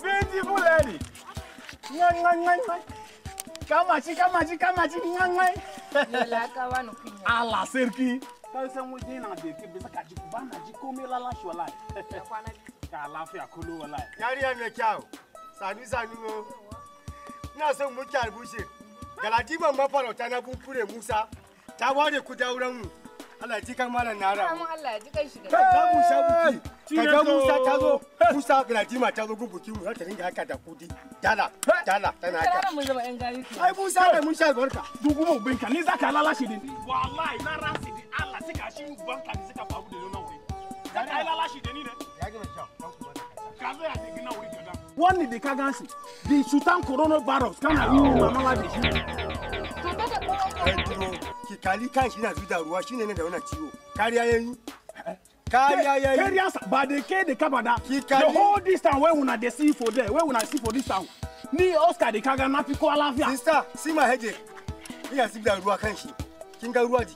Beautiful lady. Kamachi, kamachi, kamachi, ngangai. Yola kawano kunya. Ala serki. Kawisa mwenye na deki bisa kajikubana jikome lala shwala. Ka lafiya kulu wala. Yari ya mekyao. Sanu sanu mo. Na so mu kyarbushe. Galadi ban mafarauta na pure Musa. Ta ware ku dauran mu. Allah ji kan malam na ramu. Allah ji kan shi da. Ka Musa buki. Ka ta zo. Busa gladima ta zo gun buki mu ta ringa haka da kudi. Dala, dala tana haka. Kana mu zama yan gari. Ai busa da mun sha barka. Dugu mu binka ni zaka lalashi din. Wallahi na rasi din Allah suka shi banka ni suka faru da nuna wuri. Ka lalashi da ni ne. Ya gina sha. Ka zo ya gina wuri. one ni deka gansi the sultan coronavirus kana yi ni mama wa da shi ki kali kai shi na zuda ruwa shine ne da wannan ciwo kariya yayi kariya yayi kariya ba de ke de kabada the whole distance wey una dey see for there wey una see for this town ni oscar de Kagan na fi ko àlàáfíà sister see my headache me as if da wa kan shi kin ga ruwa ya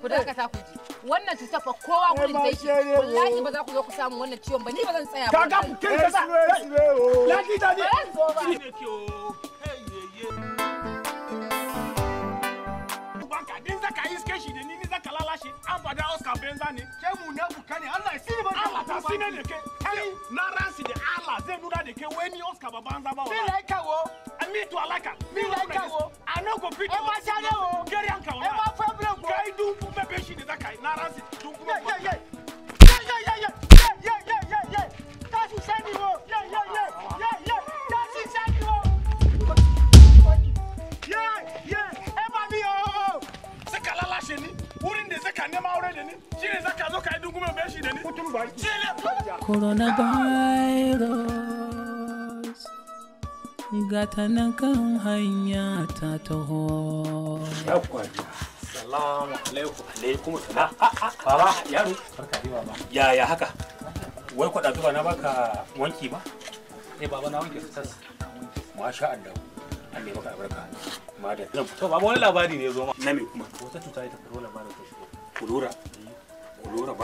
ku ta ku ji wannan cutar fa kowa ku da shi wallahi ba za ku zo ku samu wannan ciwon ba ni ba zan tsaya ba kaga ku kin ka sa laki da ni ni ne ke ni zaka lalashi an Oscar Benza ne na da Allah zai nuna da ke wani Oscar ba banza ba ni a to fito e ma ya yi dun kuma be shi ne za coronavirus gata nan kan hanya ta taho Assalamu alaikum. Alaikum Baba, yaro. Barka Ya ya haka? Wai kwada zuba na ba? Eh baba wanke Masha Allah. Allah baka albarka. To baba wani labari ne zo ma. Na me kuma? Wata cuta ita kuro labarin ta shigo. Kulura. Kulura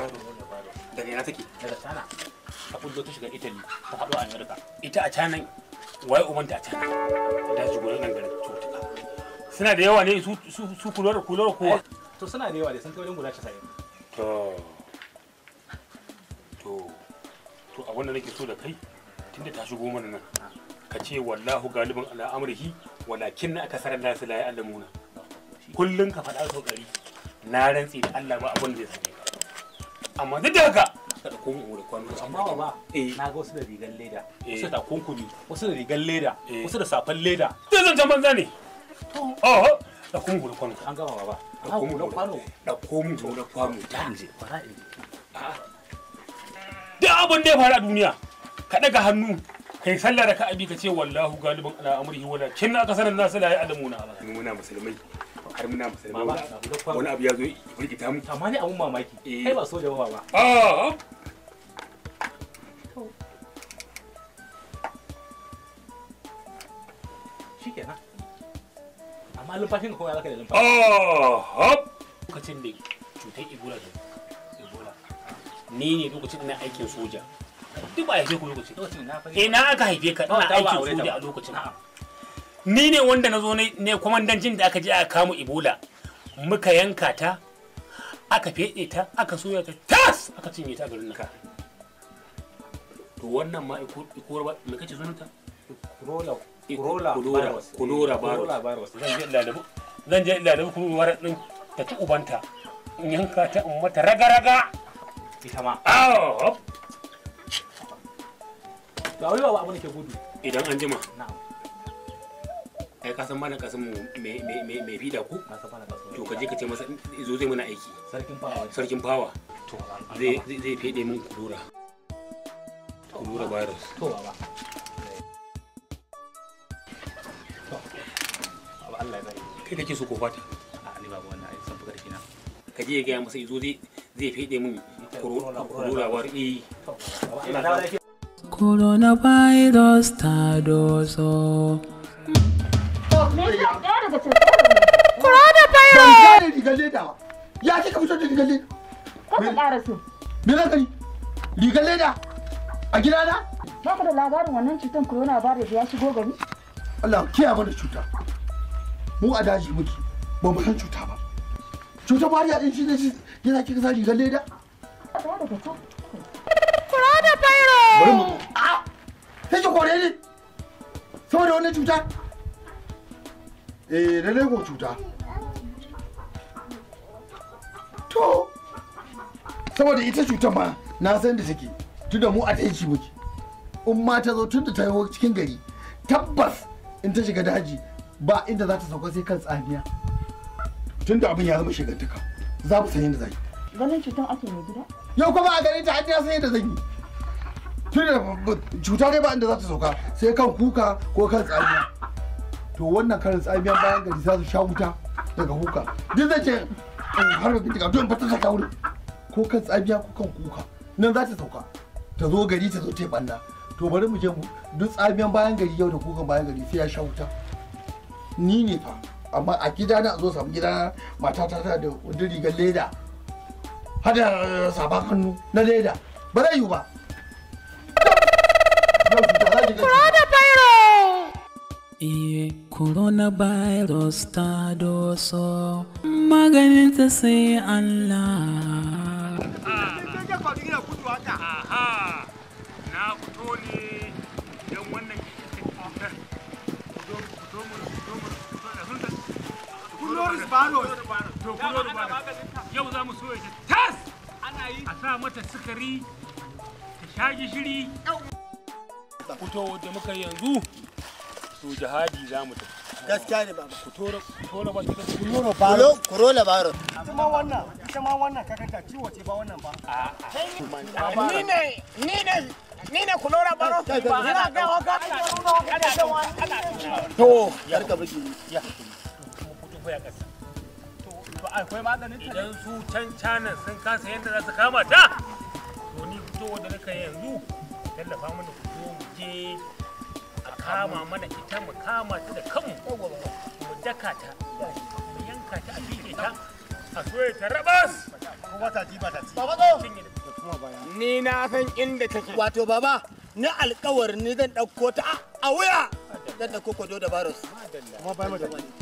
Daga ina take? Daga Ta ta shiga Italy, ta haɗu a America. Ita a China. Wai ubanta a canan. Da jigo nan garin cuta. suna da yawa ne su kulor kulor kuwa to suna da yawa da sun kai wajen guda 90 to to to abin da nake so da kai tunda ta shigo mana nan ka ce wallahu galibin ala amrihi walakin na sarar nasu la ya'lamuna kullun ka faɗa so ɗari na rantsi da Allah ba abin da ya sani amma duk da haka ka da komi wuri kwano amma ba ba eh, na ga wasu da rigar leda eh. wasu da kunkuni wasu da rigar leda eh. wasu da safan leda zan zan banza ne to a da kuma gura kwano an gama baba da kuma gura kwano da kuma gura kwano ta inje fara inje duk abin da ya faru a duniya ka daga hannu kai sallah da ka'abi ka ce wallahu galiban ala amrihi wala kin aka sanar nasu la na ba muna musulmai har muna musulmai wani abu ya zo ya firgita mu amma ne abun mamaki kai ba soja ba ba a shikenan amma lumfashin kuma ya zaka da lumfashi oh hop lokacin da cutar ebola da ebola ni ne lokacin ina aikin soja duk ba haife ku lokacin ina aka haife ka ina aikin soja a lokacin ni ne wanda na zo ne kwamandancin da aka je aka kamo ebola muka yanka ta aka feɗe ta aka soya ta tas aka cinye ta garin nan to wannan ma ikuwar ba me kace sunanta rola kurora eh, virus zan je din ta ci ubanta in yanka ta in mata raga-raga ita ma awo ga wani ke gudu idan an jima ai kasan mana kasan ku to ka je ka ce masa zo zai mana aiki sarkin fawa zai fede min virus to Allah ya zare kai kake so ko fata a ni babu wannan ai san buga da kina ka je ga masa izo zai zai fede mun kurulawar eh. i coronavirus ta dozo coronavirus ya kika fito da rigar leda ka ƙara su me na gani rigar leda a gidana ba ka da labarin wannan cutar coronavirus ya shigo gari Allah kiyaye mana cuta mu a daji muke ba mu san cuta ba cutar mariya din shi ne shi yana kika sa rigar leda kura da fairo sai ki kore ni saboda wani cuta eh lallai ko cuta to saboda ita cutar ma na san da take tunda mu a taiki muke umma ta zo tunda ta yi cikin gari tabbas in ta shiga daji ba inda za ta sauka sai kan tsamiya tun da abin ya zama shigantaka za mu san yadda zai ganin cutan ake mai gida yau kuma a gare ta hadiya san yadda zan yi da cuta ne ba inda za ta sauka sai kan kuka ko kan tsamiya to wannan karin tsamiya bayan gari za su sha wuta daga kuka duk zai ce oh, har da tuka don fata ta wurin ko kan tsamiya ko kan kuka nan za ta sauka ta zo gari ta zo ta yi banna to bari mu je mu duk tsamiyan bayan gari yau da kukan bayan gari sai ya sha wuta ni ne fa amma a gidana a zo samu gidana mata ta da wani rigar leda hada sabon hannu na leda ba zai yiwu ba Iye eh, coronavirus ta doso maganin ta sai Allah kulo yau za mu soya tas ana yi a sa mata sukari ta sha gishiri fito da muka yanzu to jihadi za mu gaskiya ne baba ku tora ku tora ba ki kulo baro kuma wannan ita ma wannan kaga ta ciwo ce ba wannan ba a'a ni ne ni ne ni ne ina ga to biki ya akwai a ƙasa to akwai maganin ta idan su can canan sun kasa yadda za su kama ta to ni fitowa da naka yanzu tallafa mana ku zo mu je a kama mana ita mu kama ta da kanmu mu daka ta mu yanka ta a fiƙe ta a soye ta rabas ko ba ta ji ba ta ci baba ni na san inda take wato baba na alƙawarin ni zan ɗauko ta a wuya zan ɗauko kwado da baros kuma bai mu da wani